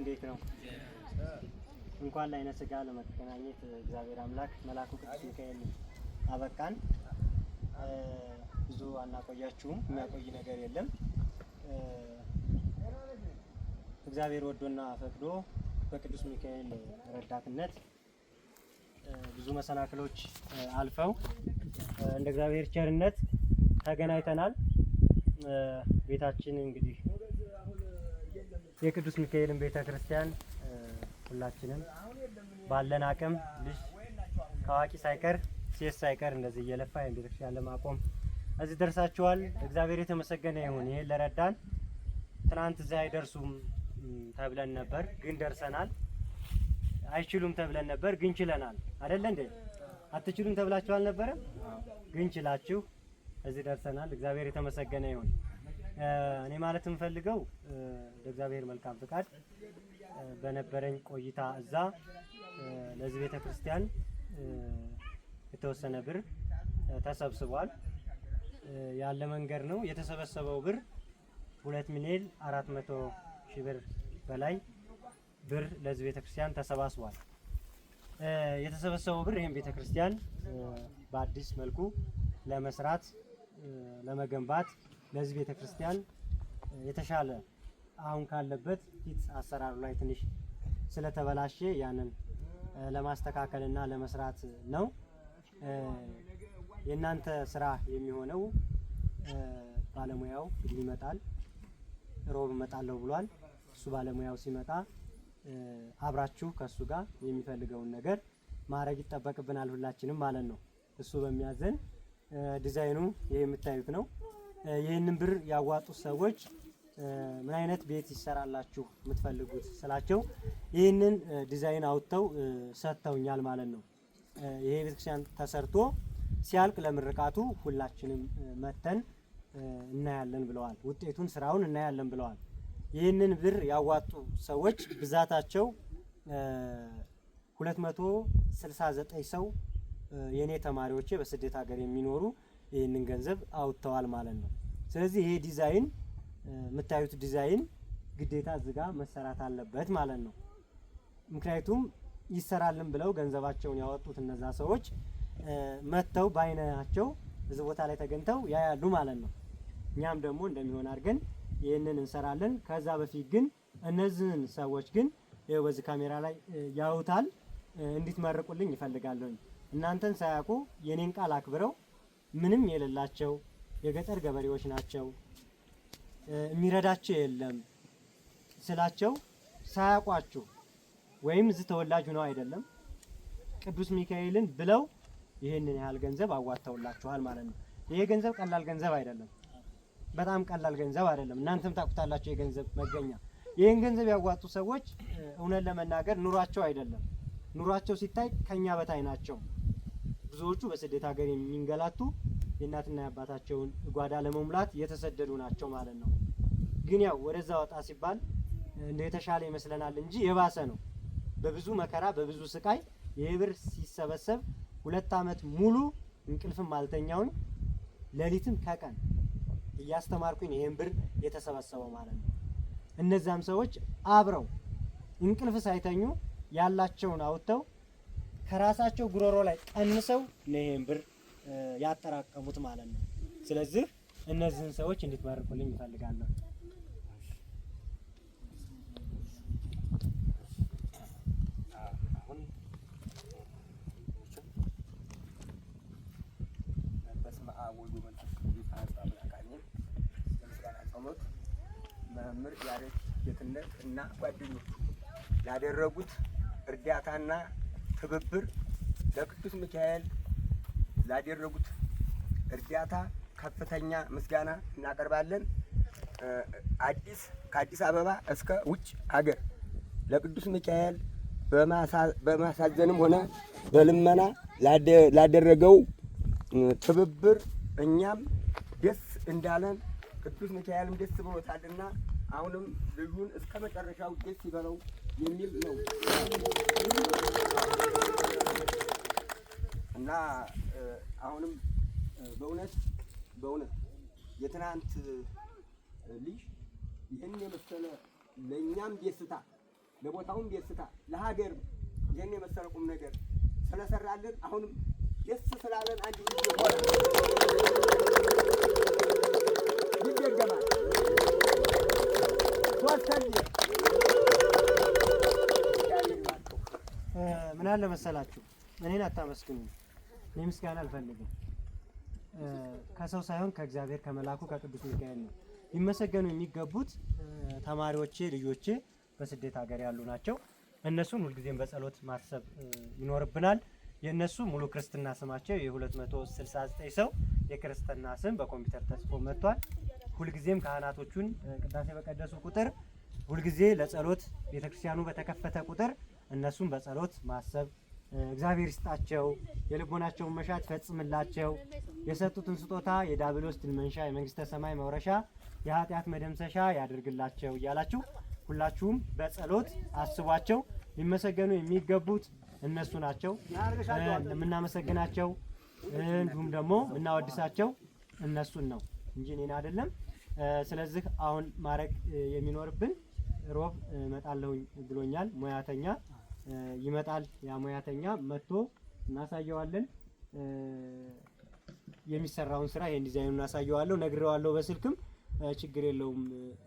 እንዴት ነው? እንኳን ለዓይነ ስጋ ለመገናኘት እግዚአብሔር አምላክ መልአኩ ቅዱስ ሚካኤል አበቃን። ብዙ አናቆያችሁም፣ የሚያቆይ ነገር የለም። እግዚአብሔር ወዶና ፈቅዶ በቅዱስ ሚካኤል ረዳትነት ብዙ መሰናክሎች አልፈው እንደ እግዚአብሔር ቸርነት ተገናኝተናል። ቤታችን እንግዲህ የቅዱስ ሚካኤልን ቤተ ክርስቲያን ሁላችንም ባለን አቅም ልጅ ከአዋቂ ሳይቀር ሴት ሳይቀር እንደዚህ እየለፋ ይህን ቤተ ክርስቲያን ለማቆም እዚህ ደርሳችኋል። እግዚአብሔር የተመሰገነ ይሁን። ይህን ለረዳን ትናንት እዚህ አይደርሱም ተብለን ነበር፣ ግን ደርሰናል። አይችሉም ተብለን ነበር፣ ግን ችለናል። አይደለ እንዴ? አትችሉም ተብላችሁ አልነበረም? ግን ችላችሁ እዚህ ደርሰናል። እግዚአብሔር የተመሰገነ ይሁን። እኔ ማለት የምፈልገው እንደ እግዚአብሔር መልካም ፍቃድ በነበረኝ ቆይታ እዛ ለዚህ ቤተ ክርስቲያን የተወሰነ ብር ተሰብስቧል። ያለ መንገድ ነው የተሰበሰበው ብር ሁለት ሚሊዮን አራት መቶ ሺህ ብር በላይ ብር ለዚህ ቤተ ክርስቲያን ተሰባስቧል። የተሰበሰበው ብር ይህም ቤተ ክርስቲያን በአዲስ መልኩ ለመስራት ለመገንባት ለዚህ ቤተ ክርስቲያን የተሻለ አሁን ካለበት ፊት አሰራሩ ላይ ትንሽ ስለተበላሸ ያንን ለማስተካከልና ለመስራት ነው። የእናንተ ስራ የሚሆነው ባለሙያው ይመጣል፣ ሮብ እመጣለሁ ብሏል። እሱ ባለሙያው ሲመጣ አብራችሁ ከእሱ ጋር የሚፈልገውን ነገር ማድረግ ይጠበቅብናል ሁላችንም ማለት ነው። እሱ በሚያዘን ዲዛይኑ ይህ የምታዩት ነው። ይህንን ብር ያዋጡ ሰዎች ምን አይነት ቤት ይሰራላችሁ የምትፈልጉት ስላቸው ይህንን ዲዛይን አውጥተው ሰጥተውኛል ማለት ነው። ይሄ ቤተክርስቲያን ተሰርቶ ሲያልቅ ለምርቃቱ ሁላችንም መተን እናያለን ብለዋል። ውጤቱን ስራውን እናያለን ብለዋል። ይህንን ብር ያዋጡ ሰዎች ብዛታቸው 269 ሰው የእኔ ተማሪዎቼ በስደት ሀገር የሚኖሩ ይህንን ገንዘብ አውጥተዋል ማለት ነው። ስለዚህ ይሄ ዲዛይን የምታዩት ዲዛይን ግዴታ ጋር መሰራት አለበት ማለት ነው። ምክንያቱም ይሰራልን ብለው ገንዘባቸውን ያወጡት እነዛ ሰዎች መጥተው በአይናቸው እዚህ ቦታ ላይ ተገኝተው ያያሉ ማለት ነው። እኛም ደግሞ እንደሚሆን አድርገን ይህንን እንሰራለን። ከዛ በፊት ግን እነዚህን ሰዎች ግን ይኸው በዚህ ካሜራ ላይ ያዩታል፣ እንዲትመርቁልኝ ይፈልጋለሁኝ። እናንተን ሳያውቁ የኔን ቃል አክብረው ምንም የሌላቸው የገጠር ገበሬዎች ናቸው፣ የሚረዳቸው የለም ስላቸው ሳያውቋችሁ ወይም እዚህ ተወላጅ ነው አይደለም ቅዱስ ሚካኤልን ብለው ይህንን ያህል ገንዘብ አዋጥተውላችኋል ማለት ነው። ይሄ ገንዘብ ቀላል ገንዘብ አይደለም፣ በጣም ቀላል ገንዘብ አይደለም። እናንተም ታውቁታላችሁ የገንዘብ መገኛ። ይህን ገንዘብ ያዋጡ ሰዎች እውነት ለመናገር ኑሯቸው አይደለም ኑሯቸው ሲታይ ከኛ በታይ ናቸው። ብዙዎቹ በስደት ሀገር የሚንገላቱ የእናትና የአባታቸውን ጓዳ ለመሙላት የተሰደዱ ናቸው ማለት ነው። ግን ያው ወደዛ ወጣ ሲባል እንደ የተሻለ ይመስለናል እንጂ የባሰ ነው። በብዙ መከራ በብዙ ስቃይ ይህ ብር ሲሰበሰብ ሁለት አመት ሙሉ እንቅልፍም ማልተኛውን ሌሊትም ከቀን እያስተማርኩኝ ይህን ብር የተሰበሰበው ማለት ነው። እነዚያም ሰዎች አብረው እንቅልፍ ሳይተኙ ያላቸውን አውጥተው ከራሳቸው ጉሮሮ ላይ ቀንሰው ነው ይህን ብር ያጠራቀሙት ማለት ነው። ስለዚህ እነዚህን ሰዎች እንድትባርኩልኝ እፈልጋለሁ። መምህር ያሬድ ጌትነት እና ጓደኞቹ ላደረጉት እርዳታና ትብብር ለቅዱስ ሚካኤል ላደረጉት እርዳታ ከፍተኛ ምስጋና እናቀርባለን። አዲስ ከአዲስ አበባ እስከ ውጭ ሀገር ለቅዱስ ሚካኤል በማሳዘንም ሆነ በልመና ላደረገው ትብብር እኛም ደስ እንዳለን ቅዱስ ሚካኤልም ደስ ብሎታልና አሁንም ልዩን እስከ መጨረሻው ደስ ይበለው የሚል ነው። እና አሁንም በእውነት በእውነት የትናንት ልጅ ይህን የመሰለ ለእኛም ደስታ ለቦታውም ደስታ ለሀገር ይህን የመሰለ ቁም ነገር ስለሰራልን አሁንም ደስ ስላለን አንድ ሆነ ይደገማል። ምን አለ መሰላችሁ እኔን አታመስግኑኝ። እኔ ምስጋና አልፈልግም። ከሰው ሳይሆን ከእግዚአብሔር ከመላኩ ከቅዱስ ሚካኤል ነው ሊመሰገኑ የሚገቡት። ተማሪዎቼ ልጆቼ በስደት ሀገር ያሉ ናቸው። እነሱን ሁልጊዜም በጸሎት ማሰብ ይኖርብናል። የእነሱ ሙሉ ክርስትና ስማቸው የ269 ሰው የክርስትና ስም በኮምፒውተር ተጽፎ መጥቷል። ሁልጊዜም ካህናቶቹን ቅዳሴ በቀደሱ ቁጥር ሁልጊዜ ለጸሎት ቤተክርስቲያኑ በተከፈተ ቁጥር እነሱን በጸሎት ማሰብ እግዚአብሔር ይስጣቸው፣ የልቦናቸውን መሻት ፈጽምላቸው። የሰጡትን ስጦታ የዲያብሎስ ድል መንሻ፣ የመንግስተ ሰማይ መውረሻ፣ የኃጢአት መደምሰሻ ያደርግላቸው እያላችሁ ሁላችሁም በጸሎት አስቧቸው። ሊመሰገኑ የሚገቡት እነሱ ናቸው። የምናመሰግናቸው እንዲሁም ደግሞ የምናወድሳቸው እነሱን ነው እንጂ እኔን አይደለም። ስለዚህ አሁን ማድረግ የሚኖርብን ሮብ እመጣለሁኝ ብሎኛል ሙያተኛ ይመጣል። ያ ሙያተኛ መጥቶ እናሳየዋለን። የሚሰራውን ስራ ይሄን ዲዛይኑ እናሳየዋለሁ፣ ነግሬዋለሁ፣ በስልክም ችግር የለውም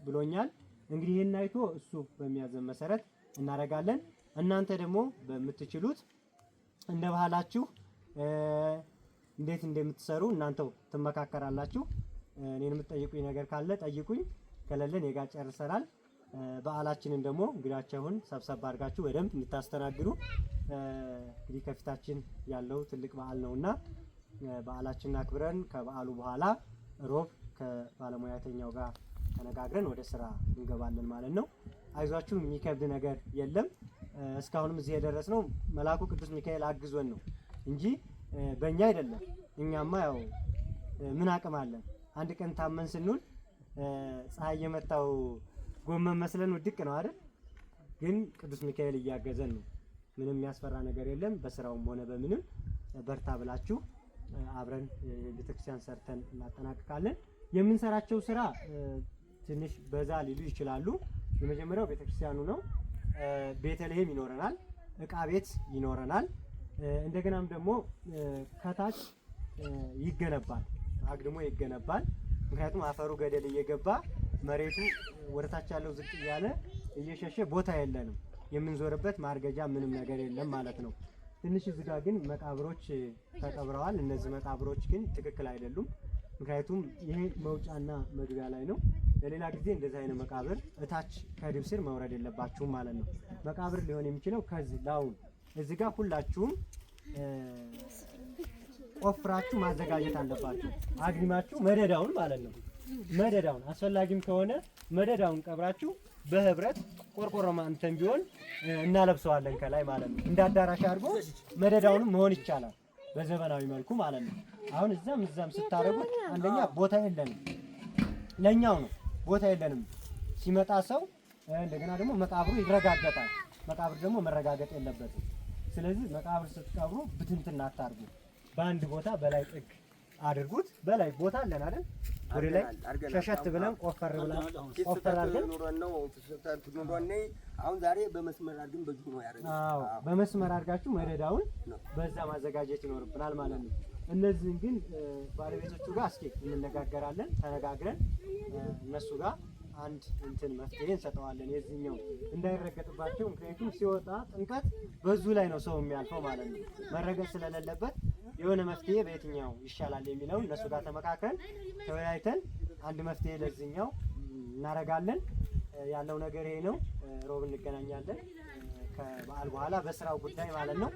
ብሎኛል። እንግዲህ ይህን አይቶ እሱ በሚያዘን መሰረት እናደርጋለን። እናንተ ደግሞ በምትችሉት እንደ ባህላችሁ እንዴት እንደምትሰሩ እናንተው ትመካከራላችሁ። እኔን የምትጠይቁኝ ነገር ካለ ጠይቁኝ፣ ከሌለ እኔ ጋር ጨርሰናል። በዓላችንን ደግሞ እንግዳቸውን ሰብሰብ አድርጋችሁ በደንብ እንድታስተናግዱ እንግዲህ ከፊታችን ያለው ትልቅ በዓል ነውና በዓላችንን አክብረን ከበዓሉ በኋላ ሮብ ከባለሙያተኛው ጋር ተነጋግረን ወደ ስራ እንገባለን ማለት ነው። አይዟችሁ፣ የሚከብድ ነገር የለም። እስካሁንም እዚህ የደረስነው መልአኩ ቅዱስ ሚካኤል አግዞን ነው እንጂ በእኛ አይደለም። እኛማ ያው ምን አቅም አለን? አንድ ቀን ታመን ስንውል ፀሐይ የመታው ጎመን መስለን ውድቅ ነው አይደል? ግን ቅዱስ ሚካኤል እያገዘን ነው። ምንም የሚያስፈራ ነገር የለም። በስራውም ሆነ በምንም በርታ ብላችሁ አብረን ቤተክርስቲያን ሰርተን እናጠናቅቃለን። የምንሰራቸው ስራ ትንሽ በዛ ሊሉ ይችላሉ። የመጀመሪያው ቤተክርስቲያኑ ነው። ቤተልሔም ይኖረናል፣ እቃ ቤት ይኖረናል። እንደገናም ደግሞ ከታች ይገነባል፣ አግድሞ ይገነባል። ምክንያቱም አፈሩ ገደል እየገባ መሬቱ ወደታች ያለው ዝቅ እያለ እየሸሸ ቦታ የለንም የምንዞርበት ማርገጃ ምንም ነገር የለም ማለት ነው። ትንሽ እዚህ ጋ ግን መቃብሮች ተቀብረዋል። እነዚህ መቃብሮች ግን ትክክል አይደሉም። ምክንያቱም ይሄ መውጫና መግቢያ ላይ ነው። ለሌላ ጊዜ እንደዚህ አይነት መቃብር እታች ከድብ ስር መውረድ የለባችሁም ማለት ነው። መቃብር ሊሆን የሚችለው ከዚህ ላውን እዚህ ጋር ሁላችሁም ቆፍራችሁ ማዘጋጀት አለባችሁ። አግድማችሁ መደዳውን ማለት ነው መደዳውን አስፈላጊም ከሆነ መደዳውን ቀብራችሁ በህብረት ቆርቆሮ ማንተን ቢሆን እናለብሰዋለን ከላይ ማለት ነው። እንደ አዳራሽ አድርጎ መደዳውንም መሆን ይቻላል በዘመናዊ መልኩ ማለት ነው። አሁን እዛም እዛም ስታደርጉት አንደኛ ቦታ የለንም፣ ለእኛው ነው ቦታ የለንም። ሲመጣ ሰው እንደገና ደግሞ መቃብሩ ይረጋገጣል። መቃብር ደግሞ መረጋገጥ የለበትም። ስለዚህ መቃብር ስትቀብሩ ብትንትና አታርጉ። በአንድ ቦታ በላይ ጥግ አድርጉት። በላይ ቦታ አለን አይደል? ወደ ላይ ሸሸት ብለን ቆፈር ብለን ቆፈር አድርገን አሁን ዛሬ በመስመር አድርገን በዚህ ነው ያደረግነው። አዎ በመስመር አድርጋችሁ መደዳውን በዛ ማዘጋጀት ይኖርብናል ማለት ነው። እነዚህን ግን ባለቤቶቹ ጋር እስኪ እንነጋገራለን። ተነጋግረን እነሱ ጋር አንድ እንትን መፍትሄ እንሰጠዋለን። የዚህኛው እንዳይረገጥባቸው፣ ምክንያቱም ሲወጣ ጥንቀት በዙ ላይ ነው ሰው የሚያልፈው ማለት ነው። መረገጥ ስለሌለበት የሆነ መፍትሄ በየትኛው ይሻላል የሚለውን እነሱ ጋር ተመካከል ተወያይተን አንድ መፍትሄ ለዚህኛው እናረጋለን። ያለው ነገር ይሄ ነው። ሮብ እንገናኛለን። ከበዓል በኋላ በስራው ጉዳይ ማለት ነው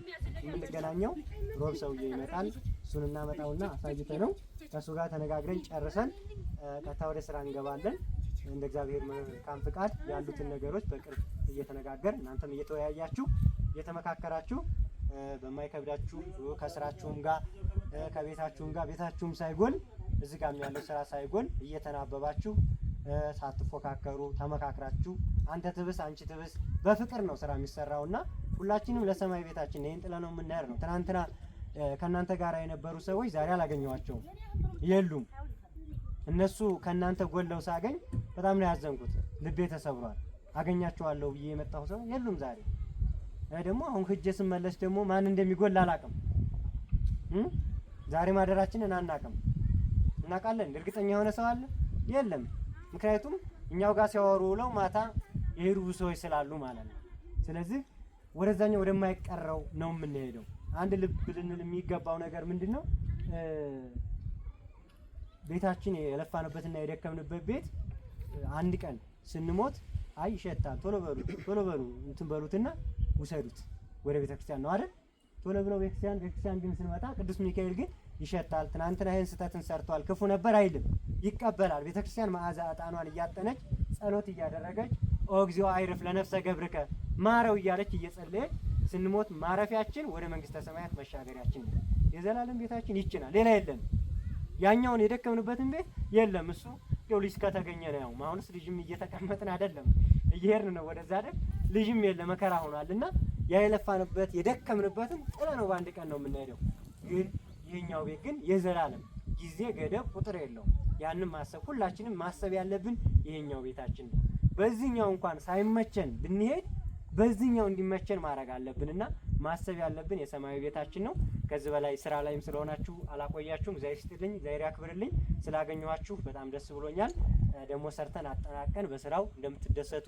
የምንገናኘው። ሮብ ሰውዬ ይመጣል። እሱን እናመጣውና አሳይተ ነው ከእሱ ጋር ተነጋግረን ጨርሰን ቀጥታ ወደ ስራ እንገባለን። እንደ እግዚአብሔር መልካም ፍቃድ ያሉትን ነገሮች በቅርብ እየተነጋገር እናንተም እየተወያያችሁ እየተመካከራችሁ በማይከብዳችሁ ከስራችሁም ጋር ከቤታችሁም ጋር ቤታችሁም ሳይጎል እዚህ ጋር ያለው ስራ ሳይጎል እየተናበባችሁ ሳትፎካከሩ ተመካክራችሁ አንተ ትብስ አንቺ ትብስ በፍቅር ነው ስራ የሚሰራው እና ሁላችንም ለሰማይ ቤታችን ይህን ጥለ ነው የምናየር ነው። ትናንትና ከእናንተ ጋር የነበሩ ሰዎች ዛሬ አላገኘዋቸውም የሉም። እነሱ ከእናንተ ጎለው ሳገኝ በጣም ነው ያዘንኩት። ልቤ ተሰብሯል። አገኛቸዋለሁ ብዬ የመጣሁ ሰው የሉም ዛሬ ደግሞ አሁን ህጀ ስመለስ ደግሞ ማን እንደሚጎል አላውቅም። ዛሬ ማደራችንን አናውቅም። እናውቃለን? እርግጠኛ የሆነ ሰው አለ? የለም። ምክንያቱም እኛው ጋር ሲያወሩ ውለው ማታ የሄዱ ሰዎች ስላሉ ማለት ነው። ስለዚህ ወደዛኛው ወደማይቀረው ነው የምንሄደው። አንድ ልብ ልንል የሚገባው ነገር ምንድን ነው? ቤታችን የለፋንበትና የደከምንበት ቤት አንድ ቀን ስንሞት አይ ይሸታል፣ ቶሎ በሉ ቶሎ በሉ እንትን በሉትና ውሰዱት ወደ ቤተክርስቲያን ነው አይደል? ቶሎ ብለው ቤተክርስቲያን ቤተክርስቲያን ግን ስንመጣ ቅዱስ ሚካኤል ግን ይሸታል። ትናንትና ይህን ስህተትን ሰርቷል፣ ክፉ ነበር አይልም፣ ይቀበላል። ቤተክርስቲያን መዓዛ ዕጣኗን እያጠነች ጸሎት እያደረገች ኦግዚኦ አይርፍ ለነፍሰ ገብርከ ማረው እያለች እየጸለየች ስንሞት ማረፊያችን ወደ መንግስተ ሰማያት መሻገሪያችን ነው። የዘላለም ቤታችን ይችናል፣ ሌላ የለም። ያኛውን የደከምንበትን ቤት የለም። እሱ ሊስ ከተገኘ ነው። አሁንስ ልጅም እየተቀመጥን አይደለም፣ እየሄድን ነው ወደዛ አይደል ልጅም የለ መከራ ሆኗል እና ያ የለፋንበት የደከምንበትን ጥለ ነው በአንድ ቀን ነው የምንሄደው። ግን ይህኛው ቤት ግን የዘላለም ጊዜ ገደብ ቁጥር የለውም። ያንን ማሰብ ሁላችንም ማሰብ ያለብን ይህኛው ቤታችን ነው። በዚህኛው እንኳን ሳይመቸን ብንሄድ በዚህኛው እንዲመቸን ማድረግ አለብን እና ማሰብ ያለብን የሰማያዊ ቤታችን ነው። ከዚህ በላይ ስራ ላይም ስለሆናችሁ አላቆያችሁም። እግዚአብሔር ይስጥልኝ፣ እግዚአብሔር ያክብርልኝ። ስላገኘኋችሁ በጣም ደስ ብሎኛል። ደግሞ ሰርተን አጠናቀን በስራው እንደምትደሰቱ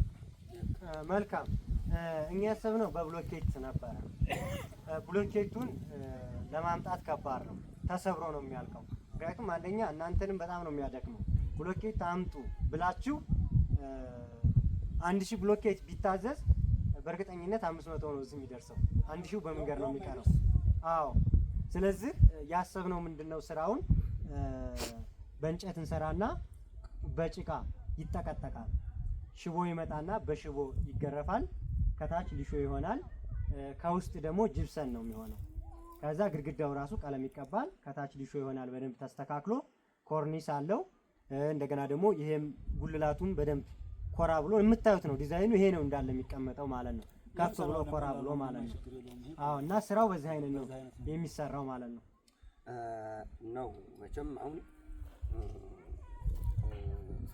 መልካም። እኛ ያሰብነው በብሎኬት ነበረ። ብሎኬቱን ለማምጣት ከባድ ነው፣ ተሰብሮ ነው የሚያልቀው። ምክንያቱም አንደኛ እናንተንም በጣም ነው የሚያደክመው። ብሎኬት አምጡ ብላችሁ አንድ ሺህ ብሎኬት ቢታዘዝ በእርግጠኝነት አምስት መቶ ነው እዚህ የሚደርሰው። አንድ ሺው በመንገድ ነው የሚቀረው። አዎ። ስለዚህ ያሰብነው ምንድነው ስራውን በእንጨት እንሰራና በጭቃ ይጠቀጠቃል። ሽቦ ይመጣና በሽቦ ይገረፋል። ከታች ሊሾ ይሆናል። ከውስጥ ደግሞ ጅብሰን ነው የሚሆነው። ከዛ ግድግዳው ራሱ ቀለም ይቀባል። ከታች ሊሾ ይሆናል በደንብ ተስተካክሎ ኮርኒስ አለው። እንደገና ደግሞ ይሄም ጉልላቱም በደንብ ኮራ ብሎ የምታዩት ነው። ዲዛይኑ ይሄ ነው እንዳለ የሚቀመጠው ማለት ነው። ከፍ ብሎ ኮራ ብሎ ማለት ነው። አዎ። እና ስራው በዚህ አይነት ነው የሚሰራው ማለት ነው ነው መቼም አሁን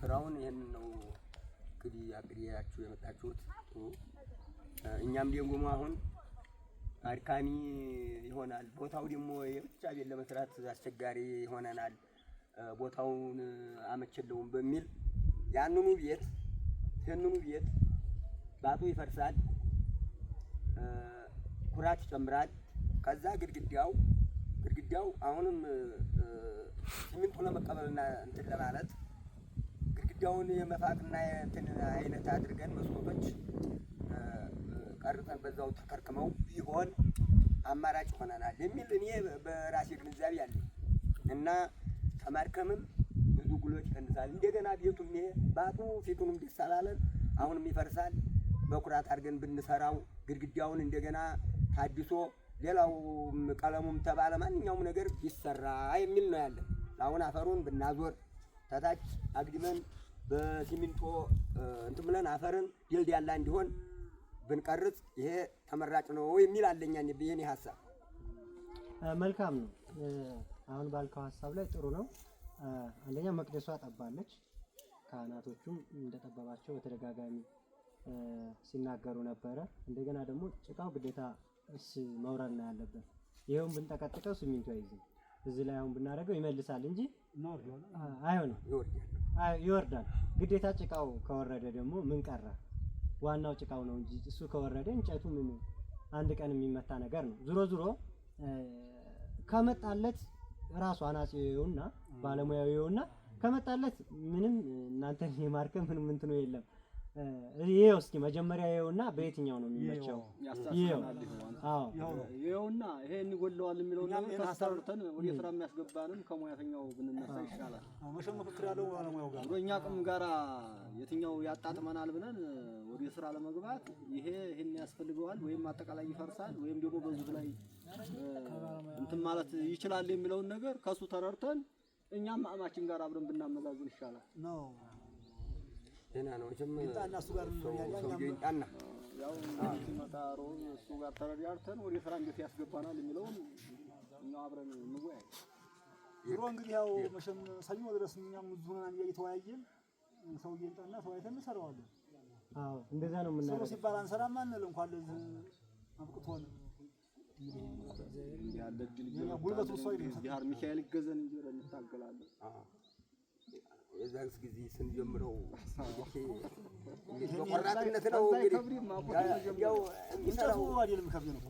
ስራውን ይሄን ነው እንግዲህ አቅዳችሁ የመጣችሁት እኛም ደግሞ አሁን አድካሚ ይሆናል። ቦታው ደግሞ የብቻ ቤት ለመስራት አስቸጋሪ ይሆነናል። ቦታውን አመቸለውም በሚል ያንኑ ቤት ይህንኑ ቤት ባጡ ይፈርሳል፣ ኩራት ይጨምራል። ከዛ ግድግዳው ግድግዳው አሁንም ሲሚንቶ ለመቀበልና እንትን ለማለት ግድግዳውን የመፋቅና የእንትን አይነት አድርገን መስኮቶች ቀርጸን በዛው ተከርክመው ቢሆን አማራጭ ይሆነናል የሚል እኔ በራሴ ግንዛቤ አለ እና ተማርከምም ብዙ ጉሎች ይቀንሳል። እንደገና ቤቱ ይሄ ባቱ ፊቱንም ደስ አሁንም ይፈርሳል። በኩራት አድርገን ብንሰራው ግድግዳውን እንደገና ታድሶ ሌላው ቀለሙም ተባለ ማንኛውም ነገር ይሰራ የሚል ነው ያለን። አሁን አፈሩን ብናዞር ተታች አግድመን በሲሚንቶ እንትን ብለን አፈርን ድልድ ያለ እንዲሆን ብንቀርጽ ይሄ ተመራጭ ነው የሚል አለኛ ይህኔ ሀሳብ መልካም ነው። አሁን ባልከው ሀሳብ ላይ ጥሩ ነው። አንደኛ መቅደሷ ጠባለች፣ ካህናቶቹም እንደጠበባቸው በተደጋጋሚ ሲናገሩ ነበረ። እንደገና ደግሞ ጭቃው ግዴታ እስ መውረድ ነው ያለብን። ይኸውም ብንጠቀጥቀው ሲሚንቶ አይዝም። እዚህ ላይ አሁን ብናደርገው ይመልሳል እንጂ አይሆንም። ይወርዳል። ግዴታ ጭቃው ከወረደ ደግሞ ምን ቀረ? ዋናው ጭቃው ነው እንጂ እሱ ከወረደ እንጨቱ ምን አንድ ቀን የሚመታ ነገር ነው። ዙሮ ዙሮ ከመጣለት ራሱ አናጺውና ይሁንና ከመጣለት ምንም እናንተ የማርከ ምንም እንትኑ የለም። ይሄው እስኪ መጀመሪያ ይሄውና በየትኛው ነው የሚመቸው? ይሄው አዎ፣ ይሄውና ይሄ ይጎለዋል የሚለው ነው ታስተርተን ወደ ስራ የሚያስገባንም ከሙያተኛው ብንነሳ ይሻላል። አዎ፣ መሸም ፍቅር ያለው ባለሙያው ጋር እኛ አቅም ጋራ የትኛው ያጣጥመናል ብለን ወደ ስራ ለመግባት ይሄ ይሄን ያስፈልገዋል ወይም አጠቃላይ ይፈርሳል ወይም ደግሞ በዚህ ላይ እንትን ማለት ይችላል የሚለውን ነገር ከሱ ተረርተን እኛም አቅማችን ጋር አብረን ብናመዛዝን ይሻላል ነው። ደህና ነው። ጣና እሱ ጋር ጣና ተረዳርተን ወደ ስራ እንዴት ያስገባናል የሚለውን እኛው አብረን እንወያይ። ሮ እንግዲህ ያው መሸም ሰኞ ድረስ እኛም ዙና እየተወያየን ሰውዬን ጣና ተወያይተን እንሰራዋለን። እንደዛ ነው የምናደርገው። ሰው ሲባል አንሰራም አንል እንኳን ለዚህ አብቅቶን ጉልበቱ ሰው ይደርሳል። ሚካኤል ይገዘን እንጂ እንታገላለን የዛንስ ጊዜ ስንጀምረው በቆራጥነት ነው እንግዲህ ያው የሚሰራው አይደለም ከብድ ነው።